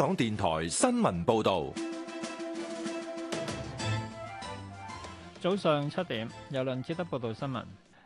港電台新聞報道，早上七點，由梁志德報道新聞。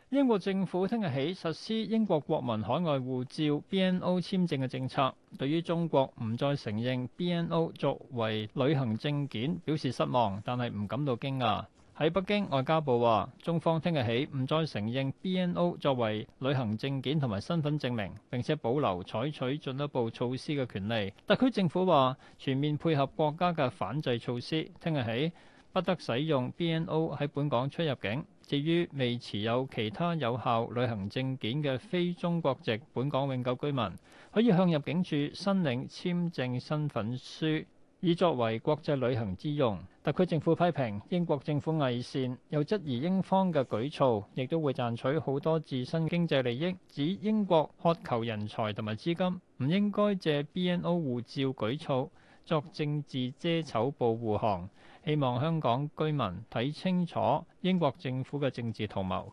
英國政府聽日起實施英國國民海外護照 （BNO） 簽證嘅政策，對於中國唔再承認 BNO 作為旅行證件表示失望，但係唔感到驚訝。喺北京，外交部話中方聽日起唔再承認 BNO 作為旅行證件同埋身份證明，並且保留採取進一步措施嘅權利。特區政府話全面配合國家嘅反制措施，聽日起不得使用 BNO 喺本港出入境。至於未持有其他有效旅行證件嘅非中國籍本港永久居民，可以向入境處申領簽證身份書，以作為國際旅行之用。特區政府批評英國政府偽善，又質疑英方嘅舉措，亦都會賺取好多自身經濟利益，指英國渴求人才同埋資金，唔應該借 BNO 護照舉措作政治遮醜布護航，希望香港居民睇清楚英國政府嘅政治圖謀。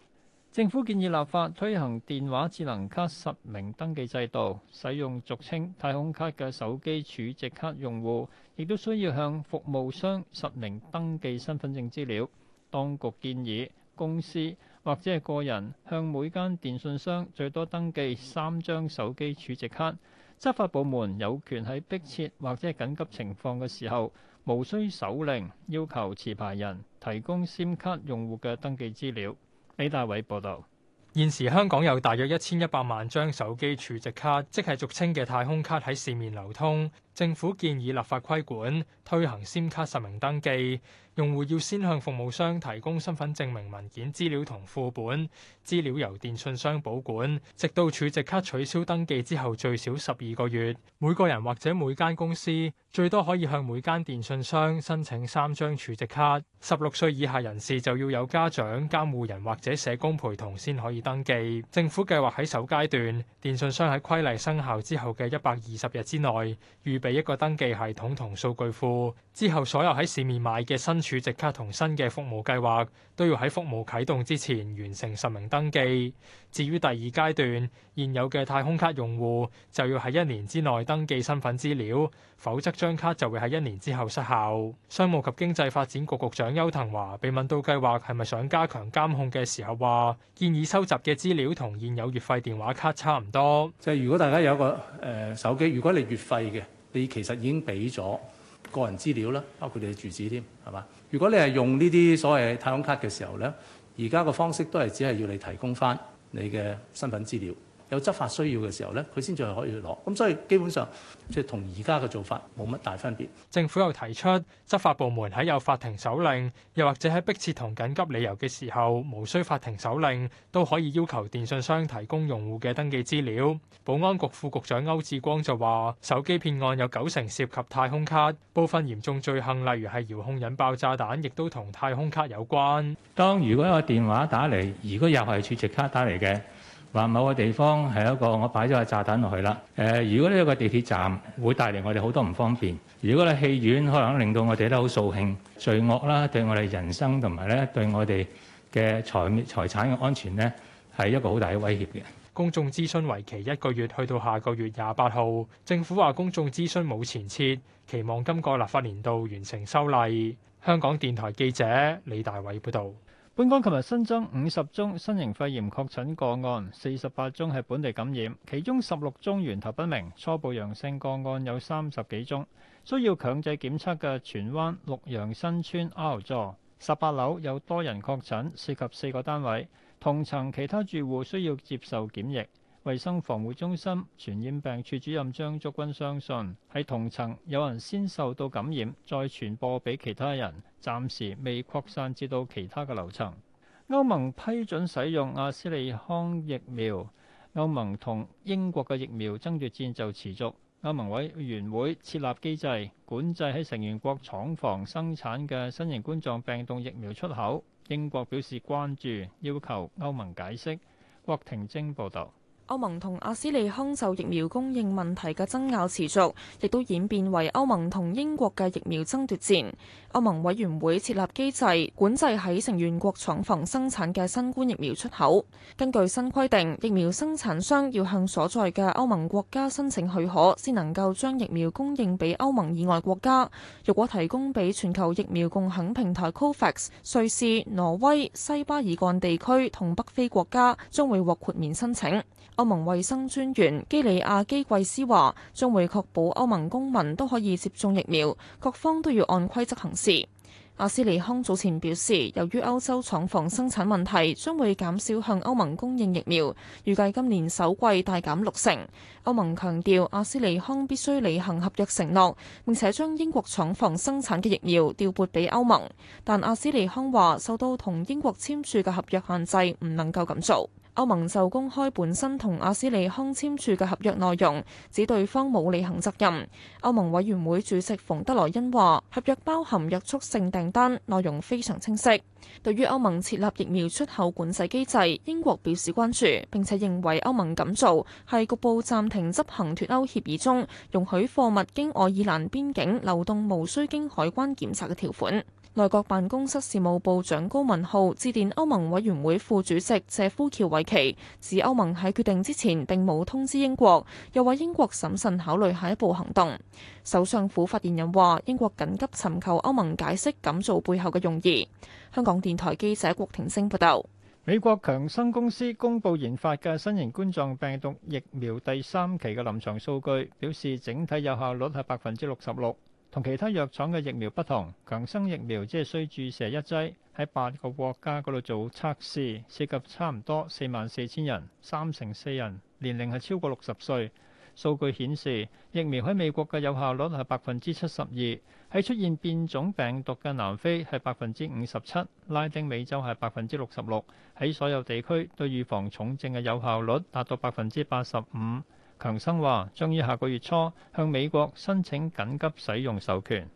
政府建議立法推行電話智能卡實名登記制度，使用俗稱太空卡嘅手機儲值卡用戶，亦都需要向服務商實名登記身份證資料。當局建議，公司或者係個人向每間電信商最多登記三張手機儲值卡。執法部門有權喺迫切或者係緊急情況嘅時候，無需手令要求持牌人提供 SIM 李大偉報道：現時香港有大約一千一百萬張手機儲值卡，即係俗稱嘅太空卡，喺市面流通。政府建議立法規管，推行 SIM 卡實名登記，用戶要先向服務商提供身份證明文件資料同副本，資料由電信商保管，直到儲值卡取消登記之後最少十二個月。每個人或者每間公司最多可以向每間電信商申請三張儲值卡。十六歲以下人士就要有家長、監護人或者社工陪同先可以登記。政府計劃喺首階段，電信商喺規例生效之後嘅一百二十日之內預。預俾一個登記系統同數據庫，之後所有喺市面買嘅新儲值卡同新嘅服務計劃都要喺服務啟動之前完成實名登記。至於第二階段，現有嘅太空卡用戶就要喺一年之內登記身份資料，否則張卡就會喺一年之後失效。商務及經濟發展局局長邱騰華被問到計劃係咪想加強監控嘅時候，話建議收集嘅資料同現有月費電話卡差唔多，即係如果大家有一個誒手機，如果你月費嘅。你其實已經俾咗個人資料啦，包括你嘅住址添，係嘛？如果你係用呢啲所謂太空卡嘅時候呢，而家嘅方式都係只係要你提供返你嘅身份資料。有執法需要嘅時候呢，佢先至係可以去攞。咁所以基本上，即係同而家嘅做法冇乜大分別。政府又提出，執法部門喺有法庭手令，又或者喺逼切同緊急理由嘅時候，無需法庭手令都可以要求電訊商提供用戶嘅登記資料。保安局副局長歐志光就話，手機騙案有九成涉及太空卡，部分嚴重罪行例如係遙控引爆炸彈，亦都同太空卡有關。當如果一個電話打嚟，如果又係儲值卡打嚟嘅。話某個地方係一個我擺咗個炸彈落去啦。誒，如果呢個地鐵站會帶嚟我哋好多唔方便，如果你戲院可能令到我哋都好掃興、罪惡啦，對我哋人生同埋咧對我哋嘅財財產嘅安全呢，係一個好大嘅威脅嘅。公眾諮詢為期一個月，去到下個月廿八號。政府話公眾諮詢冇前設，期望今個立法年度完成修例。香港電台記者李大偉報導。本港琴日新增五十宗新型肺炎確診個案，四十八宗係本地感染，其中十六宗源頭不明。初步陽性個案有三十幾宗，需要強制檢測嘅荃灣綠楊新村 R 座十八樓有多人確診，涉及四個單位，同層其他住戶需要接受檢疫。衛生防護中心傳染病處主任張竹君相信喺同層有人先受到感染，再傳播俾其他人，暫時未擴散至到其他嘅樓層。歐盟批准使用阿斯利康疫苗，歐盟同英國嘅疫苗爭奪戰就持續。歐盟委員會設立機制管制喺成員國廠房生產嘅新型冠狀病毒疫苗出口。英國表示關注，要求歐盟解釋。郭廷晶報導。歐盟同阿斯利康就疫苗供應問題嘅爭拗持續，亦都演變為歐盟同英國嘅疫苗爭奪戰。歐盟委員會設立機制，管制喺成員國廠房生產嘅新冠疫苗出口。根據新規定，疫苗生產商要向所在嘅歐盟國家申請許可，先能夠將疫苗供應俾歐盟以外國家。若果提供俾全球疫苗共享平台 COVAX，瑞士、挪威、西巴爾幹地區同北非國家，將會獲豁免申請。歐盟衛生專員基里亞基貴斯話：將會確保歐盟公民都可以接種疫苗，各方都要按規則行事。阿斯利康早前表示，由於歐洲廠房生產問題，將會減少向歐盟供應疫苗，預計今年首季大減六成。歐盟強調阿斯利康必須履行合約承諾，並且將英國廠房生產嘅疫苗調撥俾歐盟，但阿斯利康話受到同英國簽署嘅合約限制，唔能夠咁做。歐盟就公開本身同阿斯利康簽署嘅合約內容，指對方冇履行責任。歐盟委員會主席馮德萊恩話：合約包含約束性訂單，內容非常清晰。對於歐盟設立疫苗出口管制機制，英國表示關注，並且認為歐盟咁做係局部暫停執行脫歐協議中容許貨物經愛爾蘭邊境流動無需經海關檢查嘅條款。內閣辦公室事務部長高文浩致電歐盟委員會副主席謝夫喬維奇，指歐盟喺決定之前並冇通知英國，又話英國審慎考慮下一步行動。首相府發言人話：英國緊急尋求歐盟解釋噉做背後嘅用意。香港電台記者郭婷晶報道。美國強生公司公布研發嘅新型冠狀病毒疫苗第三期嘅臨床數據，表示整體有效率係百分之六十六。同其他藥廠嘅疫苗不同，強生疫苗只係需注射一劑，喺八個國家嗰度做測試，涉及差唔多四萬四千人，三成四人年齡係超過六十歲。數據顯示，疫苗喺美國嘅有效率係百分之七十二，喺出現變種病毒嘅南非係百分之五十七，拉丁美洲係百分之六十六，喺所有地區對預防重症嘅有效率達到百分之八十五。強生話將於下個月初向美國申請緊急使用授權。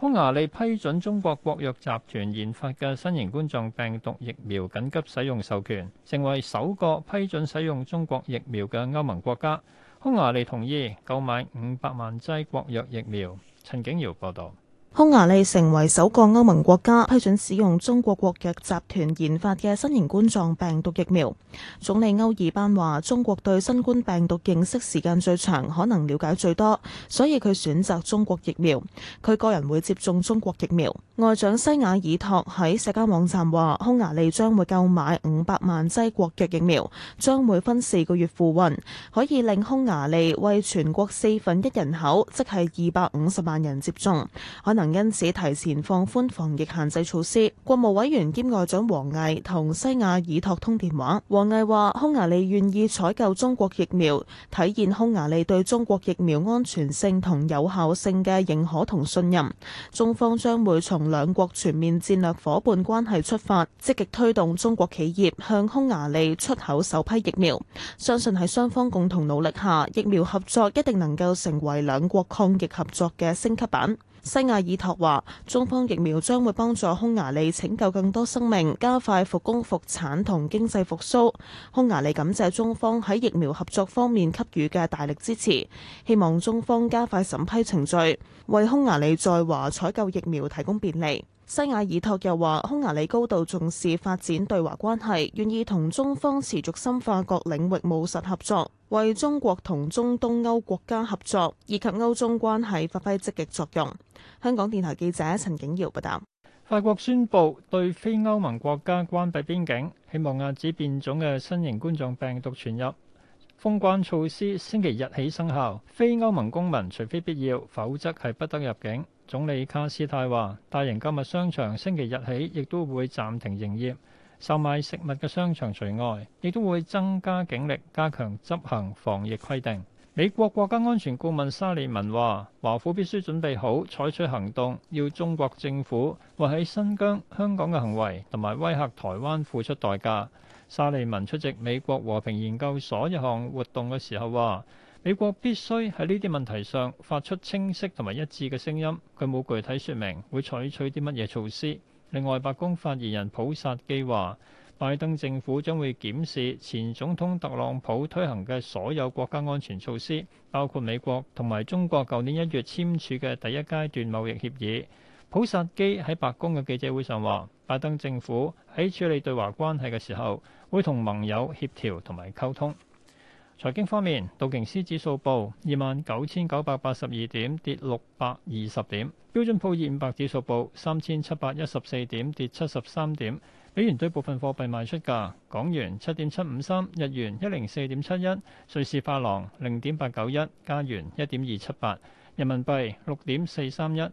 匈牙利批准中國國藥集團研發嘅新型冠狀病毒疫苗緊急使用授權，成為首個批准使用中國疫苗嘅歐盟國家。匈牙利同意購買五百萬劑國藥疫苗。陳景堯報道。匈牙利成為首個歐盟國家批准使用中國國藥集團研發嘅新型冠狀病毒疫苗。總理歐爾班話：中國對新冠病毒認識時間最長，可能了解最多，所以佢選擇中國疫苗。佢個人會接種中國疫苗。外長西雅爾托喺社交網站話：匈牙利將會購買五百萬劑國藥疫苗，將會分四個月付運，可以令匈牙利為全國四分一人口，即係二百五十萬人接種，可能。因此提前放寬防疫限制措施。國務委員兼外長王毅同西亞爾托通電話。王毅話，匈牙利願意採購中國疫苗，體現匈牙利對中國疫苗安全性同有效性嘅認可同信任。中方將會從兩國全面戰略伙伴關係出發，積極推動中國企業向匈牙利出口首批疫苗。相信喺雙方共同努力下，疫苗合作一定能夠成為兩國抗疫合作嘅升級版。西亞爾托話：中方疫苗將會幫助匈牙利拯救更多生命，加快復工復產同經濟復甦。匈牙利感謝中方喺疫苗合作方面給予嘅大力支持，希望中方加快審批程序，為匈牙利在華採購疫苗提供便利。西亞爾托又話，匈牙利高度重視發展對華關係，願意同中方持續深化各領域務實合作，為中國同中東歐國家合作以及歐中關係發揮積極作用。香港電台記者陳景瑤報道：「法國宣布對非歐盟國家關閉邊境，希望遏止變種嘅新型冠狀病毒傳入。封關措施星期日起生效，非歐盟公民除非必要，否則係不得入境。總理卡斯泰話：大型購物商場星期日起亦都會暫停營業，售賣食物嘅商場除外，亦都會增加警力，加強執行防疫規定。美國國家安全顧問沙利文話：華府必須準備好採取行動，要中國政府為喺新疆、香港嘅行為同埋威嚇台灣付出代價。沙利文出席美國和平研究所一項活動嘅時候話。美國必須喺呢啲問題上發出清晰同埋一致嘅聲音。佢冇具體説明會採取啲乜嘢措施。另外，白宮發言人普薩基話，拜登政府將會檢視前總統特朗普推行嘅所有國家安全措施，包括美國同埋中國舊年一月簽署嘅第一階段貿易協議。普薩基喺白宮嘅記者會上話，拜登政府喺處理對華關係嘅時候會同盟友協調同埋溝通。財經方面，道瓊斯指數報二萬九千九百八十二點，跌六百二十點。標準普爾五百指數報三千七百一十四點，跌七十三點。美元對部分貨幣賣出價：港元七點七五三，日元一零四點七一，瑞士法郎零點八九一，加元一點二七八，人民幣六點四三一，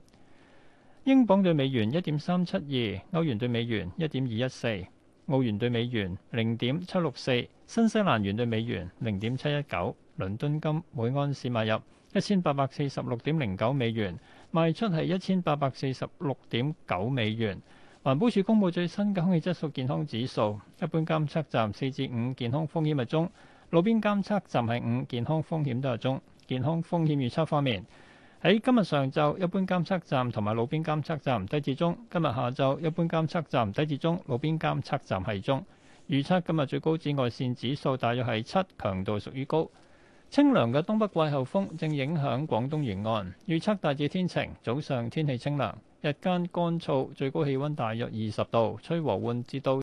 英鎊對美元一點三七二，歐元對美元一點二一四。澳元兌美元零點七六四，新西蘭元兌美元零點七一九，倫敦金每安士買入一千八百四十六點零九美元，賣出係一千八百四十六點九美元。環保署公布最新嘅空氣質素健康指數，一般監測站四至五，5，健康風險係中；路邊監測站係五，健康風險都係中。健康風險預測方面。喺今日上晝，一般監測站同埋路邊監測站低至中；今日下晝，一般監測站低至中，路邊監測站係中。預測今日最高紫外線指數大約係七，強度屬於高。清涼嘅東北季候風正影響廣東沿岸，預測大致天晴，早上天氣清涼，日間乾燥，最高氣温大約二十度，吹和緩至到。